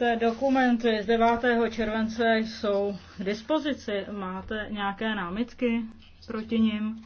Ty Dokumenty z 9. července jsou k dispozici. Máte nějaké námitky proti nim?